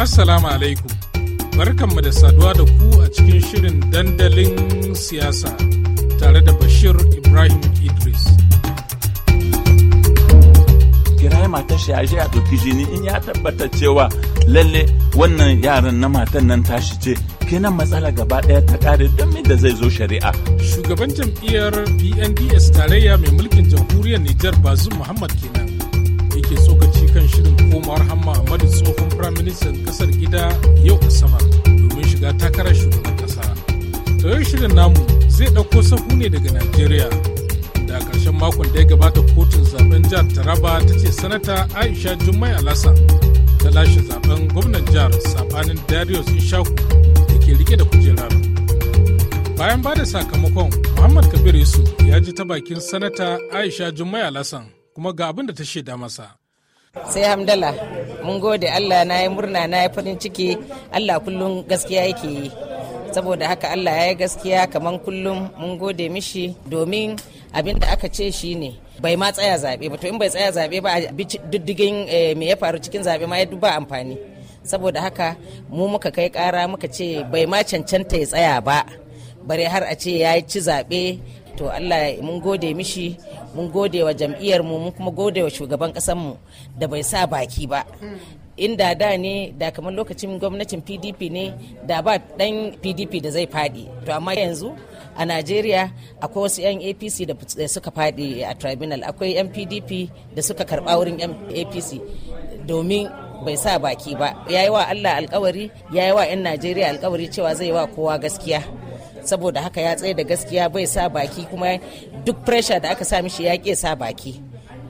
Assalamu alaikum. Barkanmu da saduwa da ku a cikin shirin dandalin siyasa tare da Bashir Ibrahim Idris. Kiraye matar shi ya a ɗauki jini in ya tabbata cewa lalle wannan yaran na matan nan tashi ce kenan matsala gaba ɗaya ta ƙare don da zai zo shari'a. Shugaban jam'iyyar BNDS tarayya mai mulkin jamhuriyar Nijar Bazum Muhammad kenan ke tsokaci kan shirin komawar hamma madu tsohon firaministan kasar gida yau asabar domin shiga takarar shugaban kasa yau shirin namu zai ɗauko sahu ne daga najeriya da ƙarshen makon da ya gabata kotun zaben jihar taraba ta ce sanata aisha jummai alasan ta lashe zaben gwamnan jihar sabanin darius ishaku da ke rike da kujerar bayan ba da sakamakon muhammad kabir yusuf ya ji ta bakin sanata aisha jummai alasan kuma ga abin da ta shaida masa. sai hamdala mun gode allah na ya murna na yi farin ciki allah kullum gaskiya yake yi saboda haka allah ya yi gaskiya kamar kullum mun gode mishi domin abin da aka ce shi ne bai ma tsaya zaɓe ba to in bai tsaya zaɓe ba a diddigin eh, me ya faru cikin zaɓe ma ya duba amfani saboda haka mu muka kai kara muka ce bai ma cancanta ya tsaya ba bare har a ce ya ci zaɓe to Allah mun gode mishi mun gode wa jam'iyyar mu mun kuma gode wa shugaban kasan mu da bai sa baki ba In da ne da kamar lokacin gwamnatin PDP ne da ba dan PDP da zai faɗi. to amma yanzu a Najeriya akwai wasu 'yan APC da suka faɗi a tribunal akwai 'yan PDP da suka karba wurin 'yan APC domin bai sa baki ba yayi wa Allah alkawari yayi wa 'yan Najeriya alkawari cewa zai wa kowa gaskiya saboda haka ya tsaye da gaskiya bai sa baki kuma duk pressure da aka sa mishi ya ke sa baki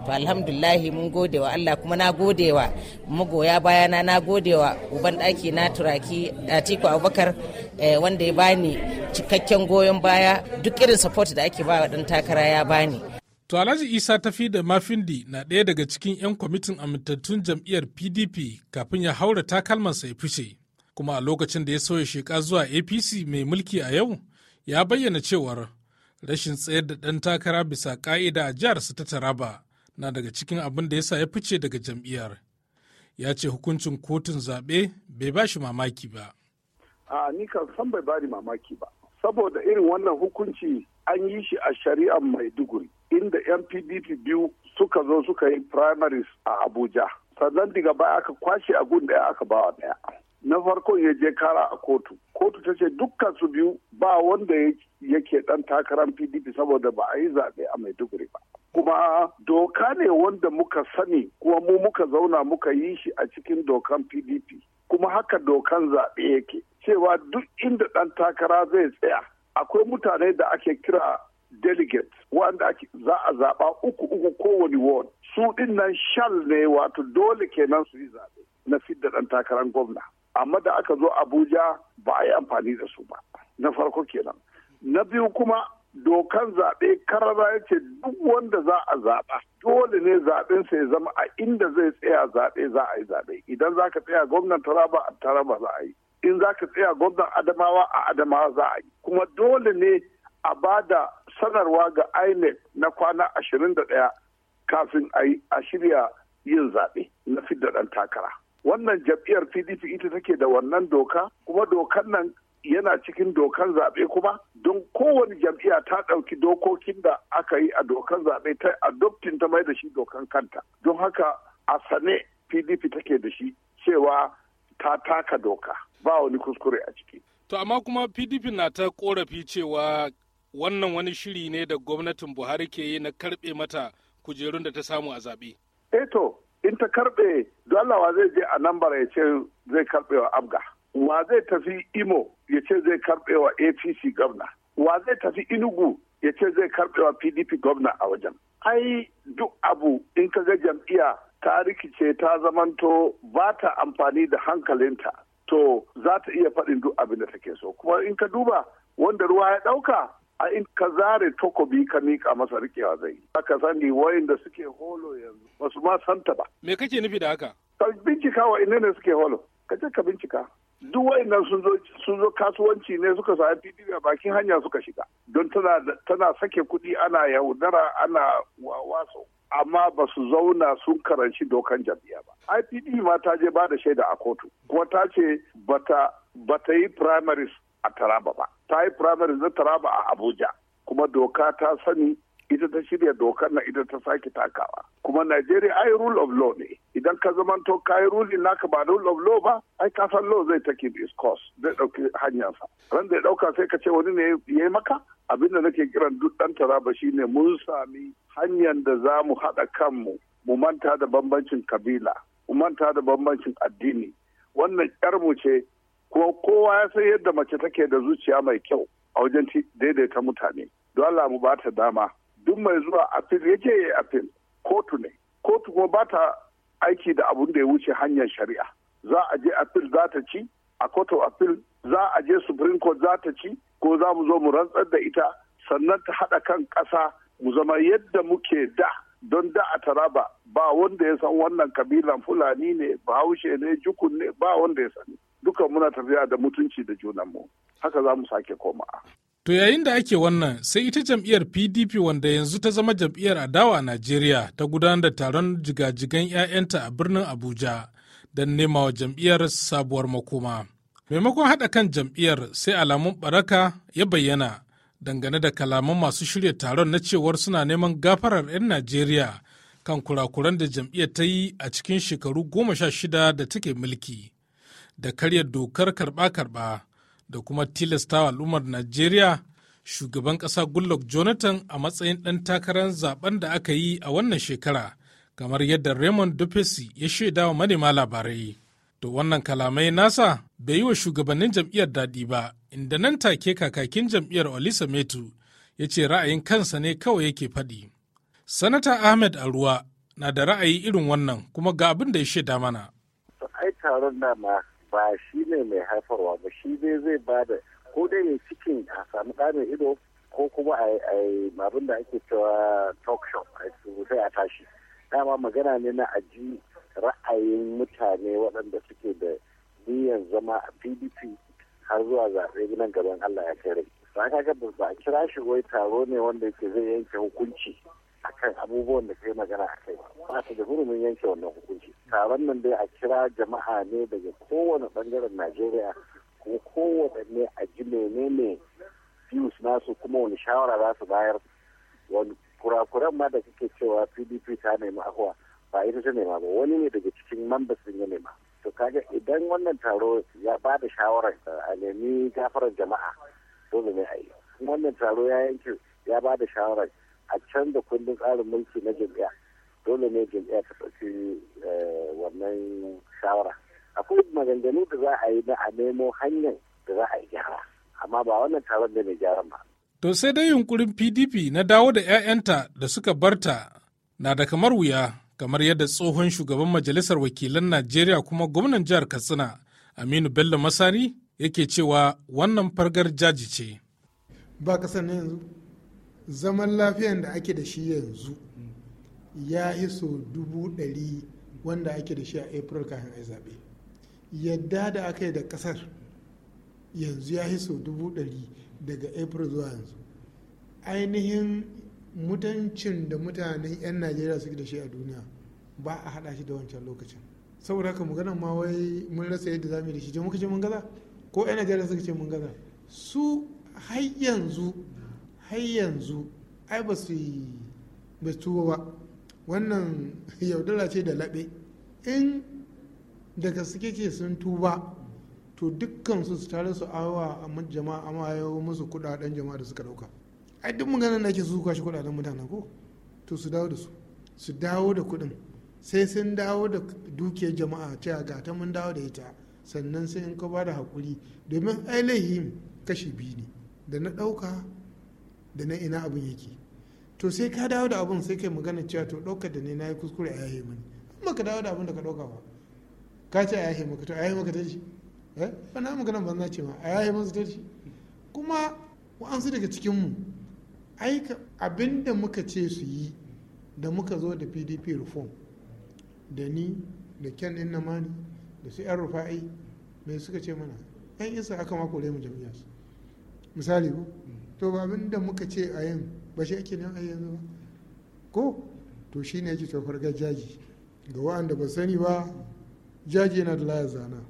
to alhamdulahi mun gode wa Allah kuma na gode wa magoya bayana na gode wa uban ɗaki na turaki Atiku Abubakar eh, wanda ya bani cikakken goyon baya duk irin support da ake ba wa ɗan takara ya bani. To Alhaji Isa tafi da Mafindi na ɗaya daga cikin 'yan kwamitin amintattun jam'iyyar PDP kafin ya haura takalmansa ya fice. kuma a lokacin da ya sauya sheka zuwa apc mai mulki a yau ya bayyana cewar rashin tsayar da ɗan takara bisa ƙa'ida a jiharsa ta taraba na daga cikin abin da ya sa ya fice daga jam'iyyar ya ce hukuncin kotun zaɓe bai ba shi mamaki ba a ni kan san bai bani mamaki ba saboda irin wannan hukunci an yi shi a shari'ar maiduguri inda yan pdp biyu suka zo suka yi primaries a abuja sannan daga baya aka kwashe a gun ɗaya aka bawa daya na farkon ya je kara a kotu kotu ta ce dukkan su biyu ba wanda yake dan takarar pdp saboda ba a yi zaɓe a duguri ba kuma doka ne wanda muka sani kuma mu muka zauna muka yi shi a cikin dokan pdp kuma haka dokan zaɓe yake cewa duk inda ɗan takara zai tsaya akwai mutane da ake kira delegates wanda za a zaɓa uku uku kowane ward su ɗin nan shal ne wato dole kenan su yi zaɓe na fidda ɗan takarar gwamna amma da aka zo abuja ba a yi amfani da su ba na farko kenan na biyu kuma dokan zaɓe karara ya ce duk wanda za a zaɓa dole ne zaɓensa ya zama a inda zai tsaya zaɓe za a yi zaɓe idan za ka tsaya gwamnan taraba a taraba za a yi in za ka tsaya gwamnan adamawa a adamawa za a yi kuma dole ne a ba da sanarwa ga inec na kwana ashirin da ɗaya kafin a shirya yin zaɓe na fidda ɗan takara wannan jam'iyyar pdp ita take da wannan doka kuma dokan nan yana cikin dokan zaɓe kuma don kowane jam'iyya ta ɗauki dokokin da aka yi a dokan zaɓe ta adoptin ta mai da shi dokan kanta don haka a sane pdp take da shi cewa ta taka doka ba wani kuskure a ciki to amma kuma pdp na ta korafi cewa wannan wani shiri ne da gwamnatin buhari ke yi na karɓe mata kujerun da ta samu a zaɓe. Eh to in ta karbe wa zai je a nambara ya ce zai karbe wa abga wa zai tafi imo ya ce zai karbe wa apc gwamna wa zai tafi inugu ya ce zai karbe wa pdp gwamna a wajen ai duk abu in ka ga jam'iyya ta rikice ta zamanto ba ta amfani da hankalinta to za ta iya faɗin duk abin da take so kuma in ka duba wanda ruwa ya ɗauka a in ka zare takobi ka mika masa rikewa zai aka sani wayanda suke holo yanzu ba su ma santa ba me kake nufi da haka ka bincika wa ina ne suke holo ka je ka bincika duk wayannan sun zo sun zo kasuwanci ne suka sa PDP a bakin hanya suka shiga don tana tana sake kuɗi ana yaudara ana wawaso amma ba su zauna sun karanci dokan jam'iyya ba. IPD ma ta je ba da shaida a kotu, kuma ta ce bata bata yi primaries a Taraba ba. Ta yi firamare na Taraba a Abuja kuma doka ta sani ita ta shirya dokar na ita ta sake takawa. Kuma Najeriya ai rule of law ne. Idan ka zamanto ka yi ruli naka ba rule of law ba, ai ka san law zai take this course zai ɗauki hanyarsa. Ran zai ya ɗauka sai ka ce wani ne ya yi maka? Abin da nake kiran duk ɗan Taraba shine mun sami hanyar da za mu haɗa kanmu mu manta da bambancin kabila, mu manta da bambancin addini. Wannan mu ce ko kowa ya san yadda mace take da zuciya mai kyau a wajen daidaita mutane don Allah mu ba ta dama duk mai zuwa afil ya je ya afil kotu ne kotu kuma ba ta aiki da abun da ya wuce hanyar shari'a za a je afil za ta ci a kotu afil za a je supreme court za ta ci ko za mu zo mu rantsar da ita sannan ta haɗa kan ƙasa mu zama yadda muke da don da a taraba ba wanda ya san wannan kabilan fulani ne bahaushe ne jukun ne ba wanda ya sani dukan muna tafiya da mutunci da junanmu haka za mu sake koma. To yayin da ake wannan sai ita jam'iyyar PDP wanda yanzu ta zama jam'iyyar adawa a Najeriya ta gudanar da taron jigajigan 'ya'yanta a birnin Abuja don nema wa jam'iyyar sabuwar makoma. Maimakon haɗa kan jam'iyyar sai alamun baraka ya bayyana dangane da kalaman masu shirya taron na cewar suna neman gafarar 'yan Najeriya kan kurakuran da jam'iyyar ta yi a cikin shekaru goma sha shida da take mulki. da karyar dokar karba-karba da kuma tilastawa al'ummar Najeriya shugaban ƙasa Goodluck Jonathan a matsayin ɗan takarar zaben da aka yi a wannan shekara, kamar yadda Raymond Dupesi ya shaida wa manema labarai. To wannan kalamai nasa bai yi wa shugabannin jam'iyyar daɗi ba, inda nan take kakakin jam'iyyar Olisa Metu ya ce ra'ayin kansa ne kawai yake faɗi. Sanata Ahmed Aruwa na da ra'ayi irin wannan kuma ga abin da ya shaida mana. ai taron ba shi ne mai haifarwa ba shi dai zai ba da ko dai ya cikin a samu ɗanin ido ko kuma a abin da ake cewa talk show a sai a tashi dama magana ne na aji ra'ayin mutane waɗanda suke da niyyar zama a pdp har zuwa zaɓe nan gaban allah ya kai rai ba ka ba a kira shi wai taro ne wanda yake zai yanke hukunci akan abubuwan da kai magana a kai ba ta da hurumin yanke wannan hukunci taron nan dai a kira jama'a ne daga kowane bangaren najeriya ko kowane a ji menene views nasu kuma wani shawara za su bayar wani kurakuran ma da kake cewa pdp ta nemi ahuwa ba ita ta nema ba wani ne daga cikin members din ya nema to kaga idan wannan taro ya ba da shawarar a nemi gafarar jama'a dole ne a yi wannan taro ya yanke ya ba da shawarar a canza kundin tsarin mulki na jam'iyya dole ne jam'iyya ta ɗauki eh, wannan shawara akwai maganganu da za a yi na a nemo hanyar da za a yi gyara amma ba wannan taron da mai gyara ba to sai dai yunkurin pdp na dawo da 'ya'yanta da suka barta na da kamar wuya kamar yadda tsohon shugaban majalisar wakilan najeriya kuma gwamnan jihar katsina aminu bello masari yake cewa wannan fargar jaji ce ba kasar yanzu zaman lafiyan da ake da shi yanzu ya iso dubu ɗari wanda ake da shi a april kafin a zaɓe yadda da aka yi da ƙasar yanzu ya iso dubu ɗari daga april zuwa yanzu ainihin mutancin da mutanen 'yan najeriya suke da shi a duniya ba a haɗa shi da wancan lokacin saboda haka magana ma wai mun rasa yadda za mu yi da shi muka ce mun gaza ko 'yan najeriya suka ce mun gaza su har yanzu har yanzu ai ba su yi ba wannan yaudara ce da laɓe in daga suke ke sun tuba to dukkan su tare su awa a jama'a amma yawo musu kudaden jama'a da suka dauka ai duk maganar da ke su kwashe kudaden mutane ko to su dawo da su su dawo da kudin sai sun dawo da dukiyar jama'a ta ga ta mun dawo da ita sannan sai in ka ba da hakuri domin ainihin kashi biyu ne da na dauka da na ina abin yake to sai ka dawo da abun sai kai magana cewa to ɗaukar da ne na yi kuskure a yahe mani ba ka dawo da abun da ka ɗauka ba ka ce a yahe maka to a yahe maka ta ce? eh magana ba banza ce ma a yahe masa ta ce? kuma wa'ansu daga cikinmu ai abin da muka ce su yi da muka zo da pdp reform da ni da ken din namani da su yan rufa'i mai suka ce mana yan isa aka mako mu su misali ko to ba abin da muka ce a yin ba shi ake nan a yanzu ba ko to shi ne yake fargar jaji ga wa'anda ba sani ba jaji yana da laya zana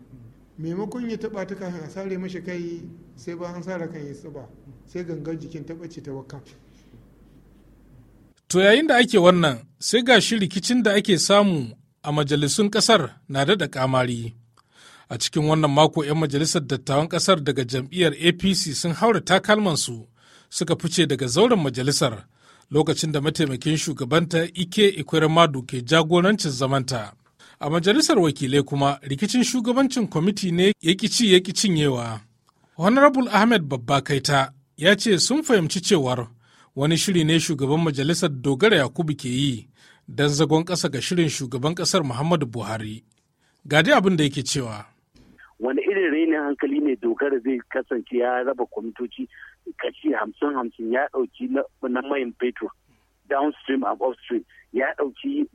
maimakon ya taba ta kafin a sare mashi kai sai ba an sare kan ya tsiba sai gangar jikin taba ce ta wakka to yayin da ake wannan sai ga shi rikicin da ake samu a majalisun kasar na dada kamari a cikin wannan mako 'yan majalisar dattawan kasar daga jam'iyyar apc sun haura takalmansu suka fice daga zauren majalisar lokacin da mataimakin shugabanta ike ikweremadu ke jagorancin zamanta a majalisar wakilai kuma rikicin shugabancin kwamiti ne ya yaki cinyewa honorable ahmed babba kaita ya ce sun fahimci cewar wani shiri ne shugaban majalisar dogara yakubu ke yi don zagon ƙasa ga shirin shugaban ƙasar muhammadu buhari Gadi abin da yake cewa wani irin rainin hankali ne dogara zai kasance ya raba kwamitoci kashi hamsin hamsin ya ɗauki na mayan fetur downstream and upstream ya ɗauki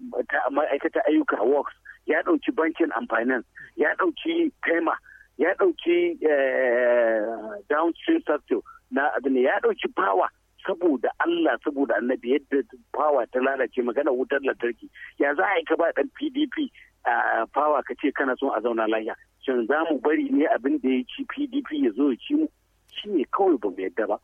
ma'aikata ayyuka works ya ɗauki bankin and finance ya ɗauki kaima ya ɗauki eh, downstream sector na abin ya ɗauki power saboda Allah saboda annabi yadda power ta lalace magana wutar lantarki ya za a yi ka ba dan PDP a ka ce kana son a zauna lafiya shin za mu bari ne abin da ya ci PDP ya zo ya ci mu shi ne kawai ba mu yadda ba.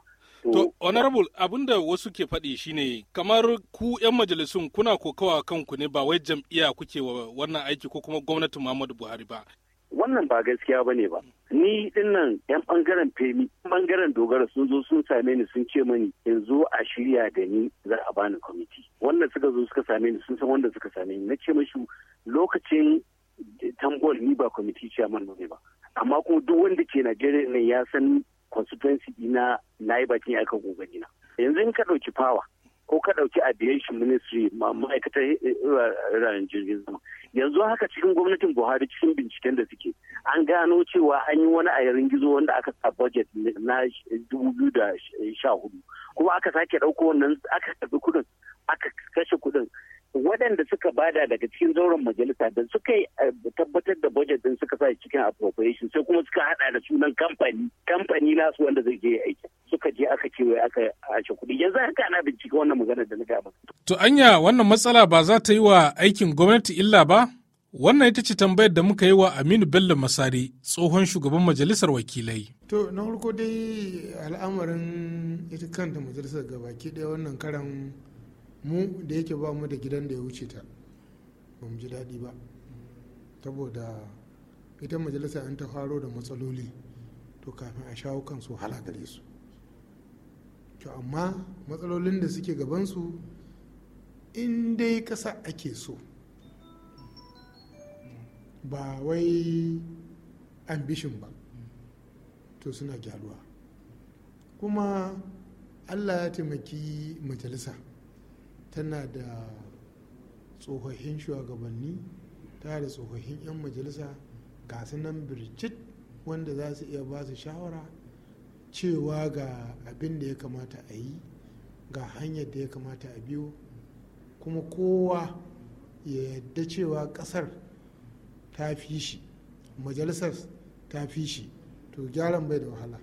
To, honorable abin da wasu ke faɗi shine kamar ku 'yan majalisun kuna kokawa kanku ne ba wai jam'iyya kuke wa wannan aiki ko kuma gwamnatin Muhammadu Buhari ba. Wannan ba gaskiya ba ne ba. Ni dinnan 'yan ɓangaren femi, ɓangaren dogara sun zo sun same ni sun ce mani in zo a shirya da ni za a bani kwamiti. Wannan suka zo suka same ni sun san wanda suka same ni. Na ce mashi lokacin tambol ni ba kwamiti chairman ne ba. Amma kuma duk wanda ke Najeriya ne ya san constituency dina na yi bakin aka gogani na yanzu in ka ɗauki power ko ka ɗauki aviation ministry ma'aikatar eh, eh, ranar jirgin zama yanzu haka cikin gwamnatin buhari cikin binciken da suke an gano cewa an yi wani ayarin gizo wanda aka sa budget na hudu kuma aka sake ɗauko wannan aka aka kashe kuɗin waɗanda suka bada daga cikin zauren majalisa da suka yi eh, tabbatar da budget din suka sa cikin appropriation sai kuma suka hada da sunan kamfani kamfani nasu wanda zai je aiki suka je aka ce wai aka ashe kuɗi yanzu haka ana bincike wannan magana da na gaba. to anya wannan matsala ba za ta yi wa aikin gwamnati illa ba wannan ita ce tambayar da muka yi wa aminu bello masari tsohon shugaban majalisar wakilai. to na farko dai al'amarin ita kanta majalisar gabaki ɗaya wannan karan mu da yake ba mu da gidan da ya wuce ta ba mu ji daɗi ba saboda ita majalisa an ta faro da matsaloli to kafin a shawo kan su gare su to amma matsalolin da suke gabansu in dai ƙasa ake so ba wai ambishin ba to suna gyaruwa kuma allah ya taimaki majalisa tana da tsofaffin shugabanni ta da tsofaffin 'yan majalisa ga nan birjit wanda za su iya ba su shawara cewa ga abin da ya kamata a yi ga hanyar da ya kamata a biyo kuma kowa ya yadda cewa kasar ta fi shi majalisar ta fi shi to gyaran bai da wahala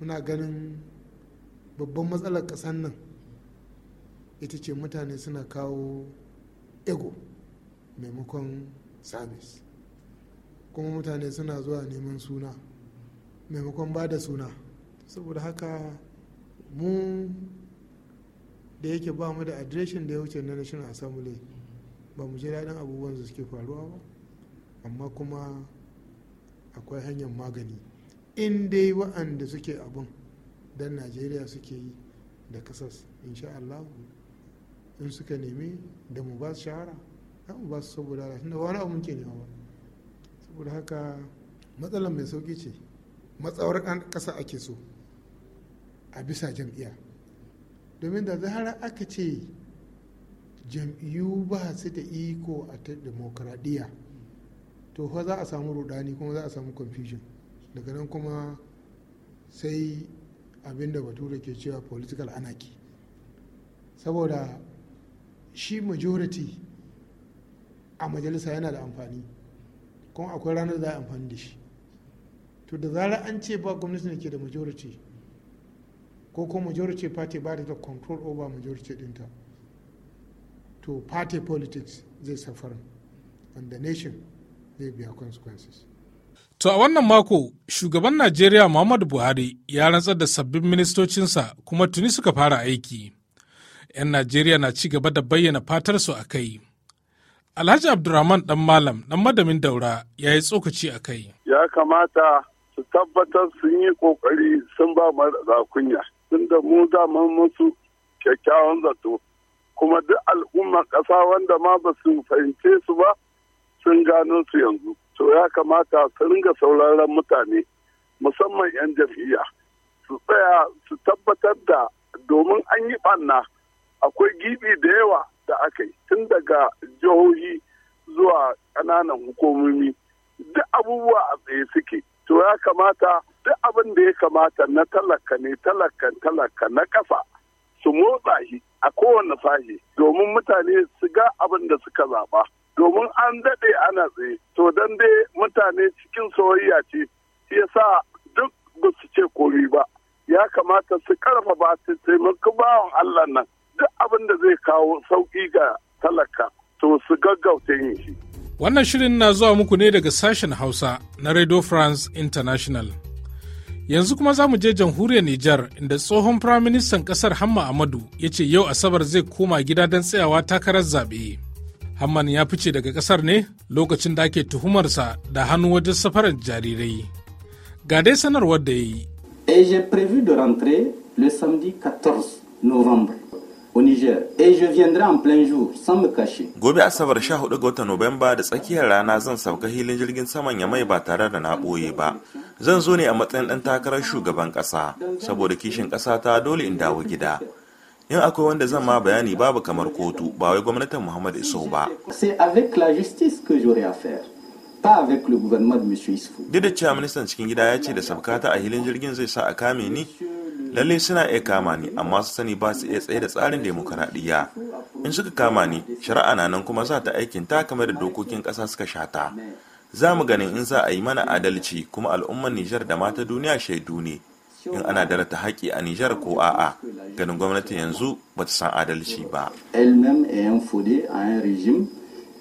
muna ganin babban matsalar ƙasar nan ita ce mutane suna kawo ego maimakon sabis kuma mutane suna zuwa neman suna maimakon ba da suna saboda haka mu da yake ba mu da adireshin da ya wuce na rashin assembly ba mu je daɗin abubuwan da suke faruwa ba amma kuma akwai hanyar magani in dai wa'anda suke abun don najeriya suke yi da kasas insha'allah. in suka nemi da mu ba su shahara Ya ba su saboda Allah da wani abu muke nema ba saboda haka matsalar mai sauki ce matsawar an ƙasa ake so a bisa jam'iyya domin da zahara aka ce jam'iyyu ba su da iko a ta demokuraɗiyya to fa za a samu rudani kuma za a samu confusion daga nan kuma sai abinda batura ke cewa political anarchy saboda shi majority a majalisa yana da amfani kuma akwai ranar da a amfani da shi to da zarar an ce ba gwamnati ne ke da majority ko ko majority party ba da control over majority dinta to party politics zai suffer and the nation zai biya consequences To a wannan mako shugaban Najeriya Muhammadu Buhari ya rantsar da sabbin ministocinsa kuma tuni suka fara aiki. 'yan najeriya na ci gaba da bayyana fatarsu a kai alhaji abdurrahman dan malam dan madamin daura ya yi tsokaci a kai ya kamata su tabbatar sun yi kokari sun ba marasa kunya da mu daman musu kyakkyawan zato kuma duk al'ummar ƙasa wanda ma ba su fahimce su ba sun gano su yanzu to ya kamata su ringa sauraron mutane musamman 'yan jam'iyya su tsaya su tabbatar da domin an yi ɓanna akwai gibi da yawa da aka yi tun daga jihohi zuwa ƙananan hukumomi duk abubuwa a tsaye suke to ya kamata duk abin da ya kamata na talaka ne talakan talaka na ƙasa su motsa shi a kowane sashi domin mutane su ga abin da suka zaɓa domin an daɗe ana tsaye to don dai mutane cikin soyayya ce shi sa duk ba su ce komi ba ya kamata su ba su taimaki bawan Allah nan duk abin da zai kawo sauƙi ga talaka to su gaggauta yin shi. Wannan shirin na zuwa muku ne daga sashen Hausa na Radio France International. Yanzu kuma za mu je jamhuriyar Nijar inda tsohon firaministan ƙasar Hamma Amadu ya ce yau Asabar zai koma gida don tsayawa takarar zaɓe. Hamman ya fice daga ƙasar ne lokacin da ake tuhumarsa da hannu wajen safarar jarirai. Ga dai sanarwar da ya yi. Et eh, j'ai prévu de rentrer le samedi 14 novembre. au Niger et eh, je viendrai en plein jour sans me cacher. Gobe Asabar 14 ga watan Nuwamba da tsakiyar rana zan sauka hilin jirgin saman ya mai ba tare da na ba. Zan zo ne a matsayin ɗan takarar shugaban ƙasa saboda kishin ƙasata ta dole in dawo gida. Yan akwai wanda zan ma bayani babu kamar kotu ba wai gwamnatin Muhammad Iso ba. C'est avec la justice que j'aurai à faire. Duk da cewa ministan cikin gida ya ce da sabkata a hilin jirgin zai sa a kame ni, lallai suna iya kama ni amma su sani ba su iya tsaye da tsarin demokaradiyya in suka kama ni shari'a na nan kuma za ta aikin ta kamar da dokokin ƙasa suka shata za mu ganin in za a yi mana adalci kuma al'ummar nijar da mata duniya shaidu ne in ana darata haƙƙi a nijar ko a'a ganin gwamnati yanzu ba ta san adalci ba elle-même est infondée à un régime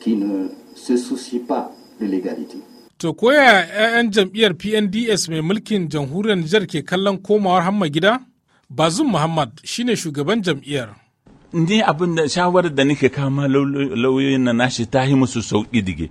qui ne se soucie pas de To koya 'ya'yan jam'iyyar PNDS mai mulkin jamhuriyar Nijar ke kallon komawar hamma gida? Bazum Muhammad shine shugaban jam'iyyar. Ni abin da shawarar da nake kama lauyoyin na nashi ta yi musu sauƙi dige.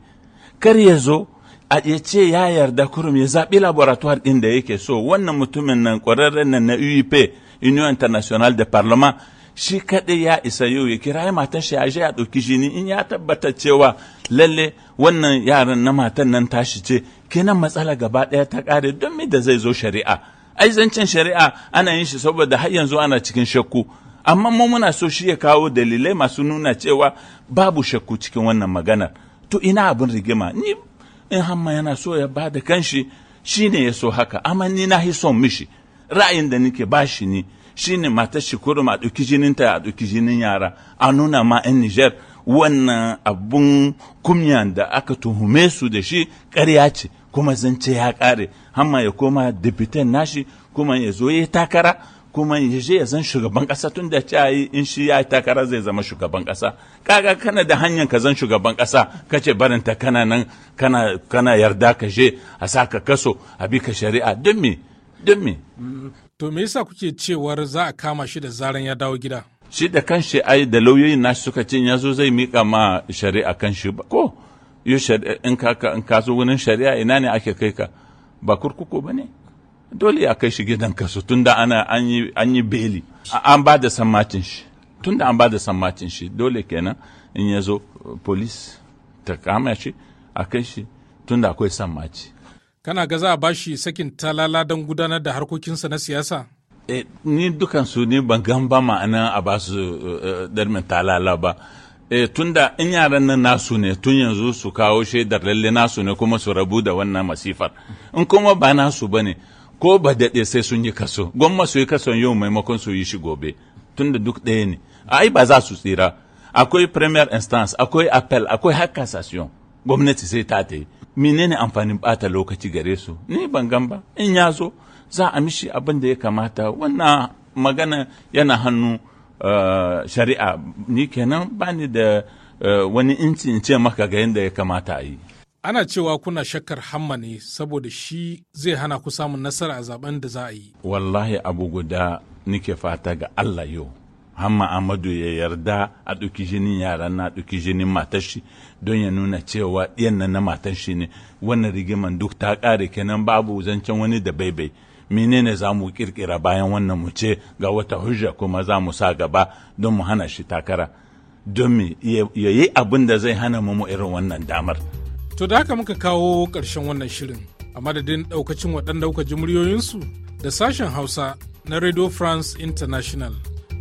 Kar ya zo a ya ce ya yarda kurum ya zaɓi laboratoire ɗin da yake so wannan mutumin nan ƙwararren nan na UEP Union International de Parlement shi kaɗai ya isa yau ya kira matan shi ya je ya ɗauki jini in ya tabbata cewa lalle wannan yaran na matan nan tashi ce kenan matsala gaba ɗaya ta ƙare don me da zai zo shari'a ai zancen shari'a ana yin shi saboda har yanzu ana cikin shakku amma mu muna so shi ya kawo dalilai masu nuna cewa babu shakku cikin wannan magana to ina abin rigima ni in hamma yana so ya bada da kanshi shi ne ya so haka amma ni na hi son mishi ra'ayin da nake bashi ne. shine matar shi kurum a ɗauki jininta a ɗauki jinin yara a nuna ma 'yan Nijar wannan abun kumya da aka tuhume su da shi ƙarya ce kuma zance ya ƙare hamma ya koma dibitan nashi kuma ya zo ya takara kuma ya je ya zan shugaban ƙasa tun da ta yi in shi ya takara zai zama shugaban ƙasa kaga kana da hanyar ka zan shugaban ƙasa kace barinta kana nan kana kana yarda ka je a saka kaso a bi ka shari'a don me To me yasa kuke cewar za a kama shi da zaran ya dawo gida? Shi da kanshi ai da lauyoyin nashi suka ce ya zai mika ma shari'a kan shi ba ko in ka in ka zo wurin shari'a ina ne ake kai ka ba kurkuku ba ne dole a kai shi gidan kasu tunda ana an yi beli an ba da sammacin shi tunda an ba da sammacin shi dole kenan in ya zo police ta kama shi a kai shi tunda akwai sammaci kana ga za a bashi sakin talala don gudanar da harkokinsa na siyasa eh, ni dukansu ni ban gan ba ma'ana a ba su eh, eh, darmin talala ba tun tunda in yaran nan nasu ne tun yanzu su kawo shaidar lalle nasu ne kuma su rabu da wannan masifar in kuma ba nasu ba ne ko ba daɗe sai sun yi kaso gwamma su yi kaso yau maimakon su yi shi gobe tunda duk ɗaya ne ai ba za su tsira akwai premier instance akwai appel akwai har cassation gwamnati sai ta ta yi menene amfanin bata lokaci gare su ni ban gan ba in ya zo za a mishi abin da ya kamata wannan magana yana hannu eh, shari'a ni kenan bani da eh, wani inci in ce maka ga yadda ya kamata a yi ana cewa kuna shakkar hamma ne saboda shi zai hana ku samun nasara a zaben da za a yi wallahi abu guda nike fata ga allah yau hamma amadu ya yarda a ɗauki jinin yaran na ɗauki jinin matar shi don ya nuna cewa ɗiyan nan na matar shi ne wannan rigiman duk ta ƙare kenan babu zancen wani da baibai menene za mu ƙirƙira bayan wannan mu ce ga wata hujja kuma za mu sa gaba don mu hana shi takara don me ya yi abin da zai hana mu irin wannan damar. To da haka muka kawo ƙarshen wannan shirin a madadin ɗaukacin waɗanda kuka ji muryoyinsu da sashen Hausa na Radio France International.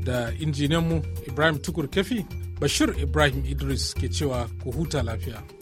da injiniyanmu Ibrahim Tukur Kefi, Bashir Ibrahim Idris ke cewa ku huta lafiya.